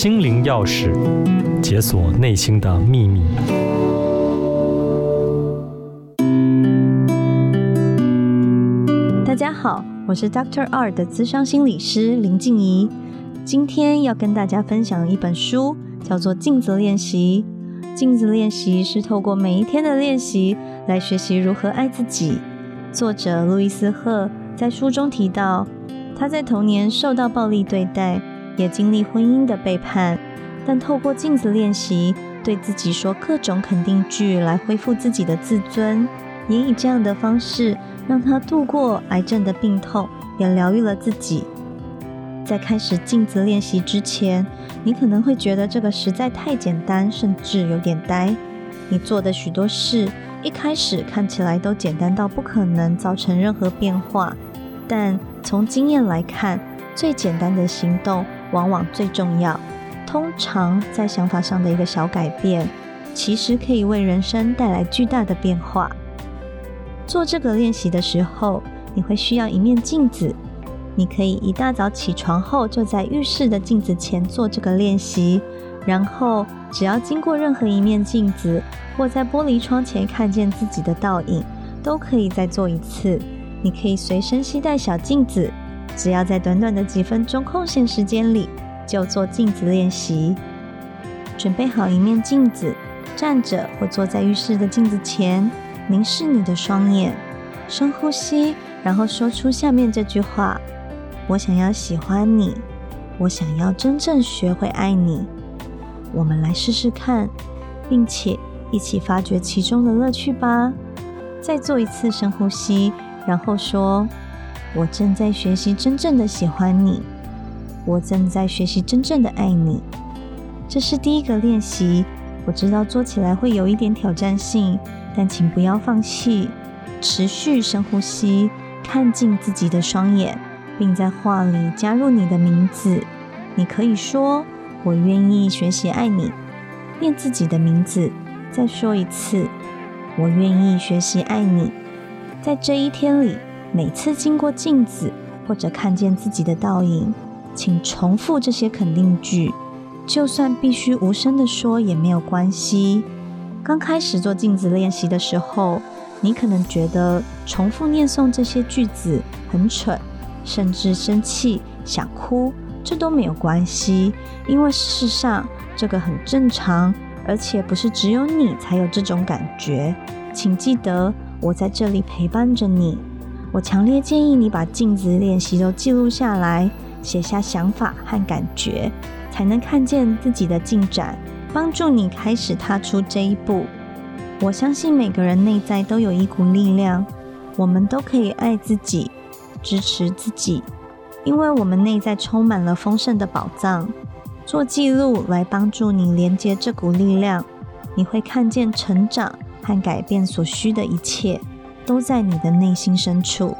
心靈鑰匙，解鎖內心的秘密。大家好，我是 Doctor R 的諮商心理師林靜怡，今天要跟大家分享一本書，叫做《鏡子練習》。鏡子練習是透過每一天的練習來學習如何愛自己。作者路易斯·赫在書中提到，他在童年受到暴力對待。也經歷婚姻的背叛，但透過鏡子練習，對自己說各種肯定句來恢復自己的自尊，也以這樣的方式讓他度過癌症的病痛，也療癒了自己。在開始鏡子練習之前，你可能會覺得這個實在太簡單，甚至有點呆。你做的許多事，一開始看起來都簡單到不可能造成任何變化，但從經驗來看，最簡單的行動，往往最重要。通常在想法上的一個小改變，其實可以為人生帶來巨大的變化。做這個練習的時候，你會需要一面鏡子。你可以一大早起床後，就在浴室的鏡子前做這個練習。然後，只要經過任何一面鏡子，或在玻璃窗前看見自己的倒影，都可以再做一次。你可以隨身攜帶小鏡子。只要在短短的幾分鐘空閒時間裡，就做鏡子練習。準備好一面鏡子，站着或坐在浴室的鏡子前，凝視你的雙眼，深呼吸，然後說出下面這句話：“我想要喜歡你，我想要真正學會愛你。”我們來試試看，並且一起發掘其中的樂趣吧。再做一次深呼吸，然後說。我正在學習真正的喜歡你，我正在學習真正的愛你。這是第一個練習，我知道做起來會有一點挑戰性，但請不要放棄，持續深呼吸，看進自己的雙眼，並在話裡加入你的名字。你可以說：“我願意學習愛你。”念自己的名字，再說一次：“我願意學習愛你。”在這一天裡。每次經過鏡子或者看見自己的倒影，請重複這些肯定句，就算必須無聲地說也沒有關係。剛開始做鏡子練習的時候，你可能覺得重複念誦這些句子很蠢，甚至生氣想哭，這都沒有關係，因為事實上這個很正常，而且不是只有你才有這種感覺。請記得，我在這裡陪伴着你。我強烈建議你把鏡子練習都記錄下來，寫下想法和感覺，才能看見自己的進展，幫助你開始踏出這一步。我相信每個人內在都有一股力量，我們都可以愛自己，支持自己，因為我們內在充滿了豐盛的寶藏。做記錄來幫助你連接這股力量，你會看見成長和改變所需的一切，都在你的內心深處。